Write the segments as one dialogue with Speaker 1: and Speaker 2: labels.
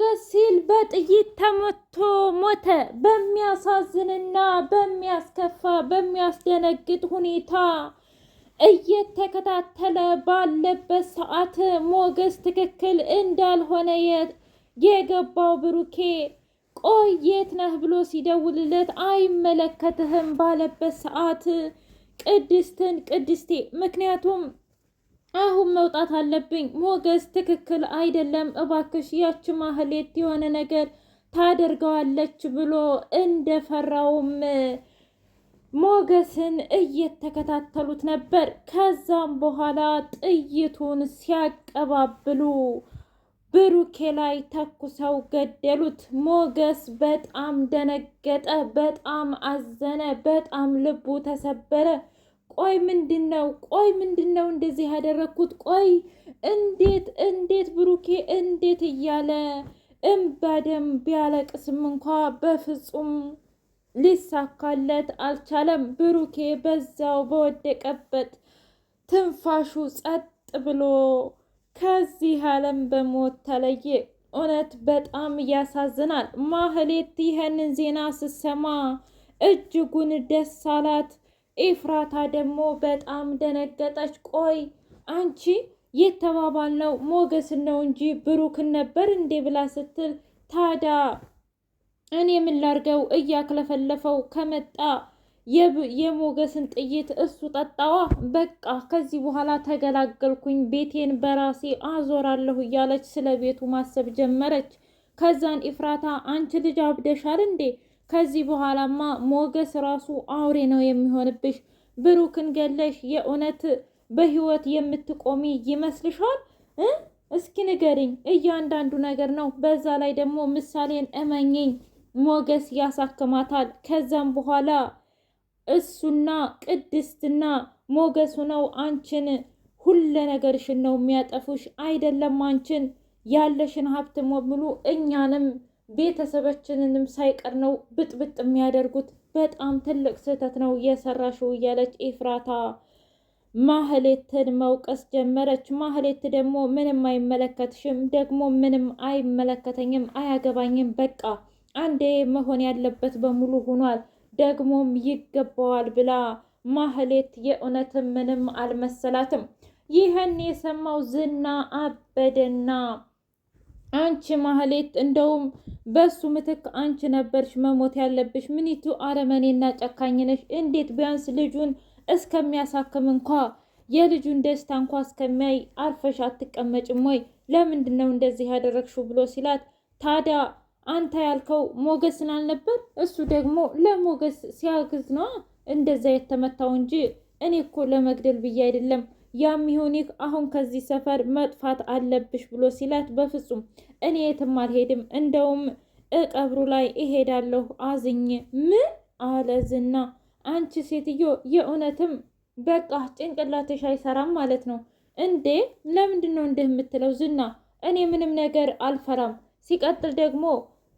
Speaker 1: ሞገስ ሲል በጥይት ተመቶ ሞተ። በሚያሳዝንና በሚያስከፋ በሚያስደነግጥ ሁኔታ እየተከታተለ ባለበት ሰዓት ሞገስ ትክክል እንዳልሆነ የገባው ብሩኬ ቆየት ነህ ብሎ ሲደውልለት አይመለከትህም ባለበት ሰዓት ቅድስትን ቅድስቴ ምክንያቱም አሁን መውጣት አለብኝ። ሞገስ ትክክል አይደለም፣ እባክሽ ያች ማህሌት የሆነ ነገር ታደርገዋለች ብሎ እንደፈራውም ሞገስን እየተከታተሉት ነበር። ከዛም በኋላ ጥይቱን ሲያቀባብሉ ብሩኬ ላይ ተኩሰው ገደሉት። ሞገስ በጣም ደነገጠ፣ በጣም አዘነ፣ በጣም ልቡ ተሰበረ። ቆይ ምንድን ነው? ቆይ ምንድን ነው እንደዚህ ያደረግኩት? ቆይ እንዴት እንዴት ብሩኬ እንዴት እያለ እምባደም ቢያለቅስም እንኳ በፍጹም ሊሳካለት አልቻለም። ብሩኬ በዛው በወደቀበት ትንፋሹ ጸጥ ብሎ ከዚህ ዓለም በሞት ተለየ። እውነት በጣም ያሳዝናል። ማህሌት ይህንን ዜና ስትሰማ እጅጉን ደስ አላት። ኤፍራታ ደግሞ በጣም ደነገጠች። ቆይ አንቺ ነው ሞገስን ነው እንጂ ብሩክን ነበር እንዴ ብላ ስትል ታዳ እኔ ምን ላርገው እያክለፈለፈው ከመጣ የሞገስን ጥይት እሱ ጠጣዋ። በቃ ከዚህ በኋላ ተገላገልኩኝ፣ ቤቴን በራሴ አዞራለሁ እያለች ስለ ቤቱ ማሰብ ጀመረች። ከዛን ኢፍራታ አንቺ ልጅ አብደሻል እንዴ ከዚህ በኋላማ ሞገስ ራሱ አውሬ ነው የሚሆንብሽ። ብሩክን ገለሽ የእውነት በህይወት የምትቆሚ ይመስልሻል? እስኪ ንገሪኝ። እያንዳንዱ ነገር ነው። በዛ ላይ ደግሞ ምሳሌን እመኝኝ ሞገስ ያሳክማታል። ከዛም በኋላ እሱና ቅድስትና ሞገሱ ነው አንቺን ሁለ ነገርሽን ነው የሚያጠፉሽ። አይደለም አንቺን ያለሽን ሀብት ሙሉ እኛንም ቤተሰባችንንም ሳይቀር ነው ብጥብጥ የሚያደርጉት። በጣም ትልቅ ስህተት ነው የሰራሽው እያለች ኤፍራታ ማህሌትን መውቀስ ጀመረች። ማህሌት ደግሞ ምንም አይመለከትሽም፣ ደግሞ ምንም አይመለከተኝም፣ አያገባኝም፣ በቃ አንዴ መሆን ያለበት በሙሉ ሆኗል፣ ደግሞም ይገባዋል ብላ ማህሌት የእውነትም ምንም አልመሰላትም። ይህን የሰማው ዝና አበደና አንቺ ማህሌት እንደውም በሱ ምትክ አንቺ ነበርሽ መሞት ያለብሽ። ምኒቱ አረመኔና ጨካኝ ነሽ! እንዴት ቢያንስ ልጁን እስከሚያሳክም እንኳ የልጁን ደስታ እንኳ እስከሚያይ አርፈሽ አትቀመጭም ወይ? ለምንድን ነው እንደዚህ ያደረግሽው? ብሎ ሲላት ታዲያ አንተ ያልከው ሞገስን አልነበር? እሱ ደግሞ ለሞገስ ሲያግዝ ነዋ እንደዛ የተመታው እንጂ እኔ እኮ ለመግደል ብዬ አይደለም ያም ይሁን ይህ አሁን ከዚህ ሰፈር መጥፋት አለብሽ ብሎ ሲላት በፍጹም እኔ የትም አልሄድም፣ እንደውም እቀብሩ ላይ እሄዳለሁ አዝኝ ምን አለ ዝና። አንቺ ሴትዮ የእውነትም በቃ ጭንቅላትሽ አይሰራም ማለት ነው እንዴ? ለምንድን ነው እንዲህ የምትለው ዝና? እኔ ምንም ነገር አልፈራም። ሲቀጥል ደግሞ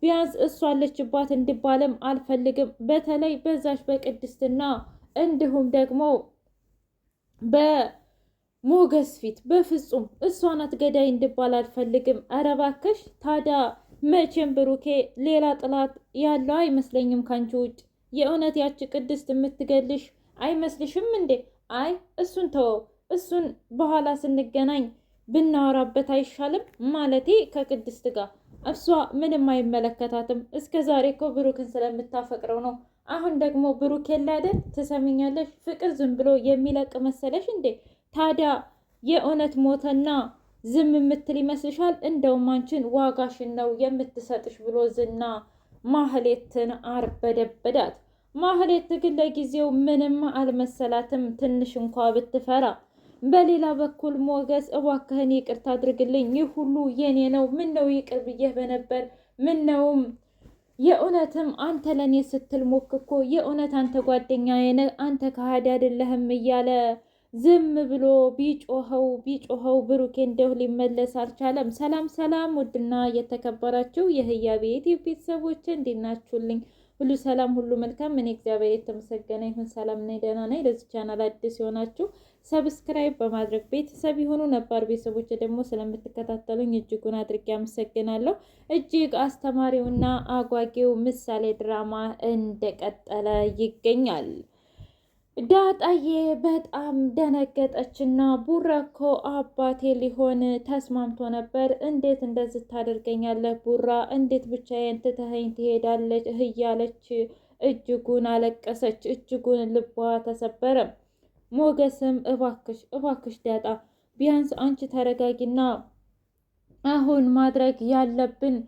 Speaker 1: ቢያንስ እሷ አለችባት እንድባለም አልፈልግም። በተለይ በዛች በቅድስትና እንዲሁም ደግሞ በ ሞገስ ፊት በፍጹም እሷ ናት ገዳይ እንድባል አልፈልግም። ኧረ እባክሽ ታዲያ መቼም ብሩኬ ሌላ ጥላት ያለው አይመስለኝም ካንቺ ውጭ። የእውነት ያቺ ቅድስት የምትገልሽ አይመስልሽም እንዴ? አይ እሱን ተወው፣ እሱን በኋላ ስንገናኝ ብናወራበት አይሻልም? ማለቴ ከቅድስት ጋር እሷ ምንም አይመለከታትም። እስከ ዛሬ እኮ ብሩክን ስለምታፈቅረው ነው። አሁን ደግሞ ብሩኬ ላደል ትሰሚኛለሽ? ፍቅር ዝም ብሎ የሚለቅ መሰለሽ እንዴ? ታዲያ የእውነት ሞተና ዝም የምትል ይመስልሻል? እንደውም አንቺን ዋጋሽን ነው የምትሰጥሽ ብሎ ዝና ማህሌትን አርበደበዳት። ማህሌት ግን ለጊዜው ምንም አልመሰላትም፣ ትንሽ እንኳ ብትፈራ። በሌላ በኩል ሞገስ እባክህን ይቅርታ አድርግልኝ፣ ይህ ሁሉ የኔ ነው። ምን ነው ይቅር ብዬህ በነበር ምን ነውም የእውነትም አንተ ለእኔ ስትል ሞክኮ የእውነት አንተ ጓደኛዬ ነህ፣ አንተ ከሃዲ አይደለህም እያለ ዝም ብሎ ቢጮኸው ቢጮኸው ብሩኬ እንደው ሊመለስ አልቻለም። ሰላም ሰላም! ውድና የተከበራችሁ የህያቤት ቤት ቤተሰቦች እንዴት ናችሁልኝ? ሁሉ ሰላም፣ ሁሉ መልካም። እኔ እግዚአብሔር የተመሰገነ ይሁን ሰላም ነኝ፣ ደህና ነኝ። ለዚህ ቻናል አዲስ የሆናችሁ ሰብስክራይብ በማድረግ ቤተሰብ የሆኑ ነባር ቤተሰቦች ደግሞ ስለምትከታተሉኝ እጅጉን አድርጌ አመሰግናለሁ። እጅግ አስተማሪውና አጓጊው ምሳሌ ድራማ እንደቀጠለ ይገኛል። ዳጣዬ በጣም ደነገጠችና ቡራ እኮ አባቴ ሊሆን ተስማምቶ ነበር። እንዴት እንደዚህ ታደርገኛለህ? ቡራ እንዴት ብቻዬን ትተኸኝ ትሄዳለች? እህያለች እጅጉን አለቀሰች። እጅጉን ልቧ ተሰበረ። ሞገስም እባክሽ እባክሽ ዳጣ ቢያንስ አንቺ ተረጋጊና አሁን ማድረግ ያለብን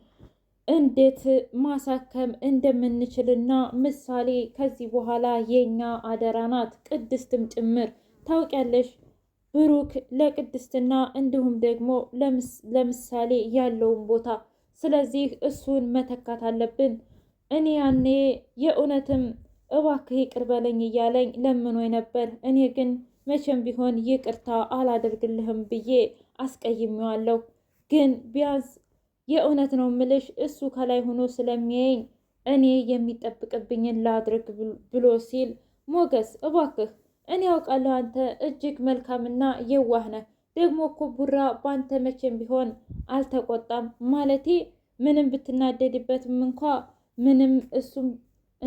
Speaker 1: እንዴት ማሳከም እንደምንችልና ምሳሌ ከዚህ በኋላ የኛ አደራ ናት፣ ቅድስትም ጭምር ታውቂያለሽ። ብሩክ ለቅድስትና እንዲሁም ደግሞ ለምሳሌ ያለውን ቦታ ስለዚህ እሱን መተካት አለብን። እኔ ያኔ የእውነትም እባክህ ይቅር በለኝ እያለኝ ለምኖኝ ነበር። እኔ ግን መቼም ቢሆን ይቅርታ አላደርግልህም ብዬ አስቀይሜዋለሁ። ግን ቢያንስ የእውነት ነው ምልሽ እሱ ከላይ ሆኖ ስለሚያየኝ እኔ የሚጠብቅብኝን ላድርግ ብሎ ሲል ሞገስ እባክህ እኔ ያውቃለሁ አንተ እጅግ መልካምና የዋህ ነህ። ደግሞ እኮ ቡራ በአንተ መቼም ቢሆን አልተቆጣም። ማለቴ ምንም ብትናደድበትም እንኳ ምንም እሱም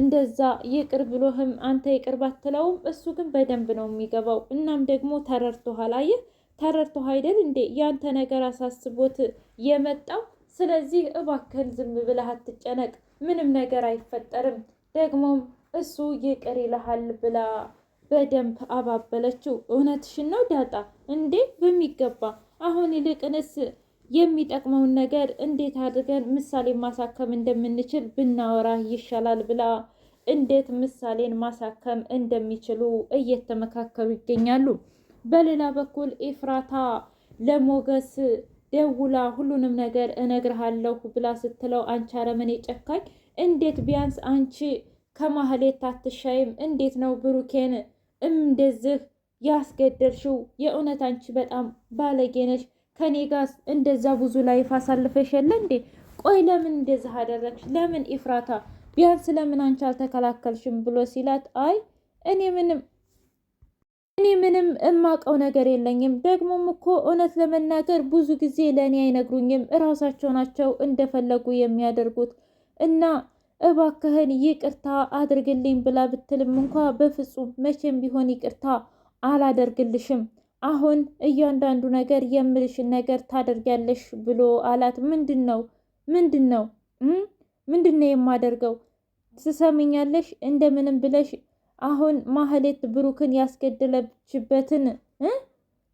Speaker 1: እንደዛ ይቅር ብሎህም አንተ ይቅር ባትለውም እሱ ግን በደንብ ነው የሚገባው። እናም ደግሞ ተረድቶሃል። አየህ ተረድቶህ አይደል እንዴ? ያንተ ነገር አሳስቦት የመጣው ስለዚህ እባክህን ዝም ብለህ አትጨነቅ፣ ምንም ነገር አይፈጠርም፣ ደግሞም እሱ ይቅር ይልሃል ብላ በደንብ አባበለችው። እውነትሽን ነው ዳጣ እንዴ? በሚገባ አሁን ይልቅንስ የሚጠቅመውን ነገር እንዴት አድርገን ምሳሌ ማሳከም እንደምንችል ብናወራ ይሻላል ብላ እንዴት ምሳሌን ማሳከም እንደሚችሉ እየተመካከሉ ይገኛሉ። በሌላ በኩል ኤፍራታ ለሞገስ ደውላ ሁሉንም ነገር እነግርሃለሁ ብላ ስትለው አንቺ አረመኔ ጨካኝ፣ እንዴት ቢያንስ አንቺ ከማህሌት አትሻይም? እንዴት ነው ብሩኬን እንደዚህ ያስገደልሽው? የእውነት አንቺ በጣም ባለጌ ነሽ። ከኔ ጋር እንደዛ ብዙ ላይፍ አሳልፈሽ የለ እንዴ? ቆይ ለምን እንደዚህ አደረግሽ? ለምን ኢፍራታ ቢያንስ ለምን አንቺ አልተከላከልሽም? ብሎ ሲላት አይ እኔ ምንም እኔ ምንም እማቀው ነገር የለኝም። ደግሞም እኮ እውነት ለመናገር ብዙ ጊዜ ለእኔ አይነግሩኝም። እራሳቸው ናቸው እንደፈለጉ የሚያደርጉት እና እባክህን ይቅርታ አድርግልኝ ብላ ብትልም እንኳ በፍጹም መቼም ቢሆን ይቅርታ አላደርግልሽም። አሁን እያንዳንዱ ነገር የምልሽን ነገር ታደርጊያለሽ ብሎ አላት። ምንድን ነው ምንድን ነው ምንድን ነው የማደርገው? ትሰሚኛለሽ? እንደምንም ብለሽ አሁን ማህሌት ብሩክን ያስገደለችበትን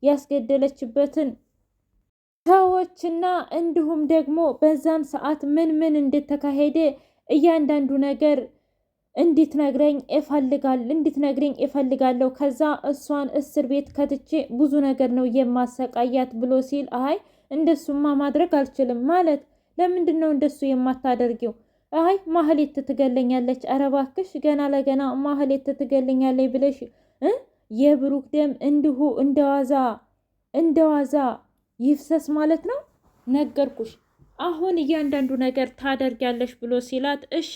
Speaker 1: ያስገደለችበትን ሰዎችና እንዲሁም ደግሞ በዛን ሰዓት ምን ምን እንደተካሄደ እያንዳንዱ ነገር እንድትነግረኝ እፈልጋለሁ እንድትነግረኝ እፈልጋለሁ። ከዛ እሷን እስር ቤት ከትቼ ብዙ ነገር ነው የማሰቃያት ብሎ ሲል አይ እንደሱማ ማድረግ አልችልም ማለት ለምንድን ነው እንደሱ የማታደርጊው? አይ ማህሌት ትገለኛለች፣ ኧረ እባክሽ ገና ለገና ማህሌት ትገለኛለች ብለሽ የብሩክ ደም እንዲሁ እንደዋዛ እንደዋዛ ይፍሰስ ማለት ነው። ነገርኩሽ አሁን እያንዳንዱ ነገር ታደርጊያለሽ ብሎ ሲላት፣ እሺ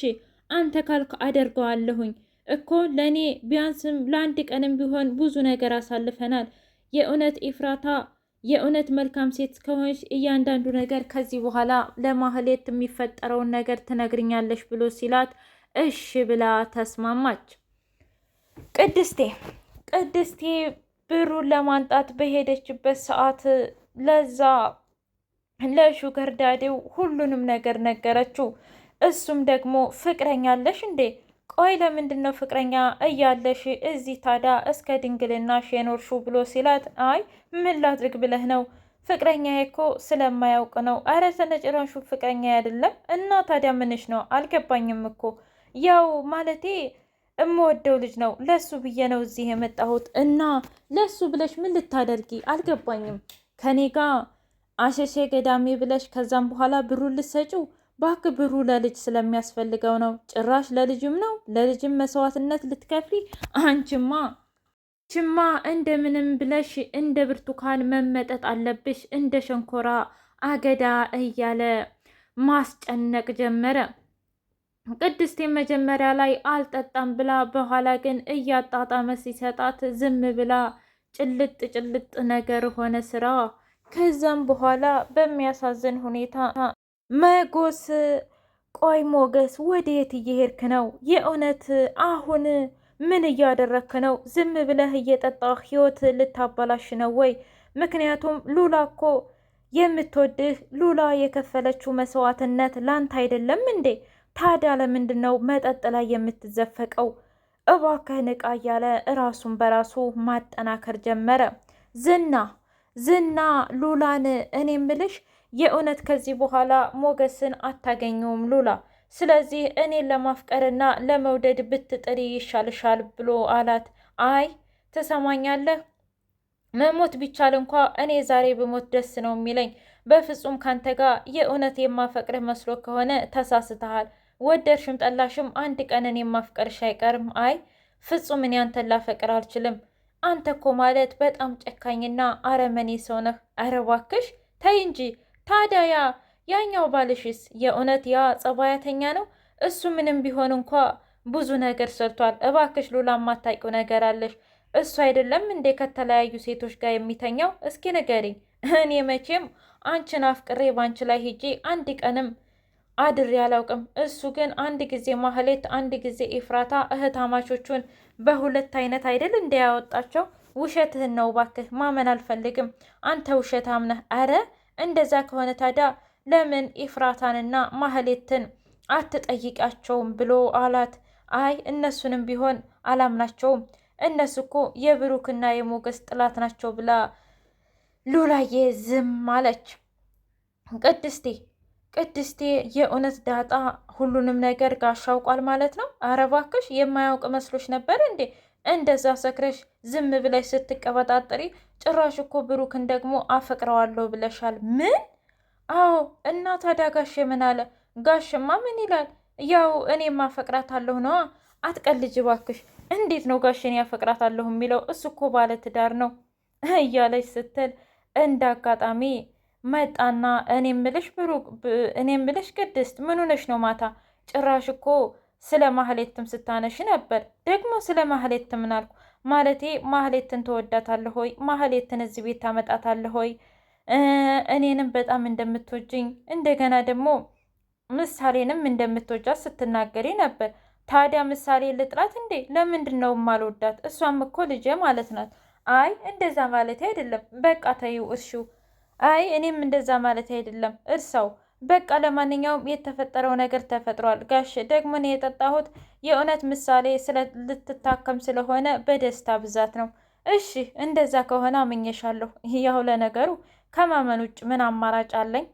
Speaker 1: አንተ ካልክ አደርገዋለሁኝ እኮ ለእኔ ቢያንስም ለአንድ ቀንም ቢሆን ብዙ ነገር አሳልፈናል። የእውነት ኢፍራታ የእውነት መልካም ሴት ከሆንሽ እያንዳንዱ ነገር ከዚህ በኋላ ለማህሌት የሚፈጠረውን ነገር ትነግርኛለሽ ብሎ ሲላት እሺ ብላ ተስማማች። ቅድስቴ ቅድስቴ ብሩን ለማንጣት በሄደችበት ሰዓት ለዛ ለሹገር ዳዴው ሁሉንም ነገር ነገረችው። እሱም ደግሞ ፍቅረኛለሽ እንዴ ቆይ ለምንድን ነው ፍቅረኛ እያለሽ እዚህ ታዲያ እስከ ድንግልናሽ የኖርሽው? ብሎ ሲላት አይ ምን ላድርግ ብለህ ነው ፍቅረኛ እኮ ስለማያውቅ ነው። አረ ተነጭራሹ ፍቅረኛ አይደለም እና ታዲያ ምንሽ ነው? አልገባኝም እኮ ያው ማለቴ እምወደው ልጅ ነው ለሱ ብዬ ነው እዚህ የመጣሁት። እና ለሱ ብለሽ ምን ልታደርጊ አልገባኝም። ከኔ ጋ አሸሼ ገዳሜ ብለሽ ከዛም በኋላ ብሩን ልትሰጪው ባክ ብሩ ለልጅ ስለሚያስፈልገው ነው። ጭራሽ ለልጅም ነው ለልጅም መስዋዕትነት ልትከፍሪ አንቺማ ችማ እንደምንም ብለሽ እንደ ብርቱካን መመጠጥ አለብሽ እንደ ሸንኮራ አገዳ እያለ ማስጨነቅ ጀመረ። ቅድስቴ መጀመሪያ ላይ አልጠጣም ብላ በኋላ ግን እያጣጣመ ሲሰጣት ዝም ብላ ጭልጥ ጭልጥ ነገር ሆነ ስራ። ከዛም በኋላ በሚያሳዝን ሁኔታ መጎስ ቆይ ሞገስ ወዴት እየሄድክ ነው? የእውነት አሁን ምን እያደረክ ነው? ዝም ብለህ እየጠጣ ህይወት ልታበላሽ ነው ወይ? ምክንያቱም ሉላ እኮ የምትወድህ ሉላ የከፈለችው መስዋዕትነት ላንተ አይደለም እንዴ? ታዲያ ለምንድን ነው መጠጥ ላይ የምትዘፈቀው? እባክህ ንቃ እያለ እራሱን በራሱ ማጠናከር ጀመረ። ዝና ዝና ሉላን እኔ ምልሽ የእውነት ከዚህ በኋላ ሞገስን አታገኘውም ሉላ፣ ስለዚህ እኔን ለማፍቀርና ለመውደድ ብትጥሪ ይሻልሻል ብሎ አላት። አይ ትሰማኛለህ፣ መሞት ቢቻል እንኳ እኔ ዛሬ ብሞት ደስ ነው የሚለኝ። በፍጹም ካንተ ጋር የእውነት የማፈቅርህ መስሎ ከሆነ ተሳስተሃል። ወደድሽም ጠላሽም አንድ ቀንን የማፍቀርሽ አይቀርም። አይ ፍጹም እኔ አንተን ላፈቅር አልችልም። አንተ እኮ ማለት በጣም ጨካኝና አረመኔ ሰው ነህ። አረ እባክሽ ተይ እንጂ ታዲያ ያ ያኛው ባልሽስ የእውነት ያ ጸባያተኛ ነው? እሱ ምንም ቢሆን እንኳ ብዙ ነገር ሰርቷል። እባክሽ ሉላ የማታውቂው ነገር አለሽ። እሱ አይደለም እንዴ ከተለያዩ ሴቶች ጋር የሚተኛው? እስኪ ንገሪኝ። እኔ መቼም አንቺን አፍቅሬ ባንቺ ላይ ሄጄ አንድ ቀንም አድሬ አላውቅም። እሱ ግን አንድ ጊዜ ማህሌት፣ አንድ ጊዜ ኤፍራታ እህታማቾቹን በሁለት አይነት አይደል እንዲያወጣቸው? ውሸትህን ነው እባክህ፣ ማመን አልፈልግም። አንተ ውሸታም ነህ። አረ እንደዛ ከሆነ ታዲያ ለምን ኢፍራታንና ማህሌትን አትጠይቃቸውም ብሎ አላት። አይ እነሱንም ቢሆን አላምናቸውም፣ እነሱ እኮ የብሩክና የሞገስ ጥላት ናቸው ብላ ሉላዬ ዝም አለች። ቅድስቴ ቅድስቴ የእውነት ዳጣ ሁሉንም ነገር ጋሻውቋል ማለት ነው? አረ እባክሽ የማያውቅ መስሎች ነበር እንዴ? እንደዛ ሰክረሽ ዝም ብለሽ ስትቀበጣጠሪ ጭራሽ እኮ ብሩክን ደግሞ አፈቅረዋለሁ ብለሻል። ምን? አዎ። እና ታዲያ ጋሼ ምን አለ? ጋሽማ ምን ይላል? ያው እኔም አፈቅራታለሁ ነዋ። አትቀልጅ እባክሽ። እንዴት ነው ጋሽን ያፈቅራታለሁ የሚለው? እሱ እኮ ባለ ትዳር ነው እያለች ስትል እንደ አጋጣሚ መጣና እኔ ምልሽ ብሩክ፣ እኔ ምልሽ ቅድስት፣ ምን ሆነሽ ነው ማታ ጭራሽ እኮ ስለ ማህሌትም ስታነሽ ነበር። ደግሞ ስለ ማህሌት ምን አልኩ? ማለቴ ማህሌትን ተወዳታለህ ሆይ? ማህሌትን እዚህ ቤት ታመጣታለህ ሆይ? እኔንም በጣም እንደምትወጅኝ እንደገና ደግሞ ምሳሌንም እንደምትወጃት ስትናገሪ ነበር። ታዲያ ምሳሌ ልጥላት እንዴ? ለምንድን ነው ማልወዳት? እሷም እኮ ልጄ ማለት ናት። አይ እንደዛ ማለት አይደለም። በቃ ተይው እርሺው። አይ እኔም እንደዛ ማለት አይደለም እርሳው በቃ ለማንኛውም የተፈጠረው ነገር ተፈጥሯል። ጋሽ ደግሞ የጠጣሁት የእውነት ምሳሌ ልትታከም ስለሆነ በደስታ ብዛት ነው። እሺ እንደዛ ከሆነ አመኘሻለሁ። ያው ለነገሩ ከማመን ውጭ ምን አማራጭ አለኝ?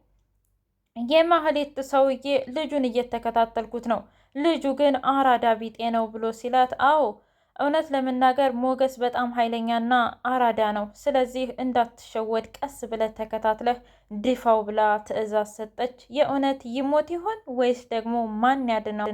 Speaker 1: የማህሌት ሰውዬ ልጁን እየተከታተልኩት ነው። ልጁ ግን አራዳ ቢጤ ነው ብሎ ሲላት አዎ እውነት ለመናገር ሞገስ በጣም ኃይለኛና አራዳ ነው። ስለዚህ እንዳትሸወድ ቀስ ብለህ ተከታትለህ ድፋው ብላ ትዕዛዝ ሰጠች። የእውነት ይሞት ይሆን ወይስ ደግሞ ማን ያድነው?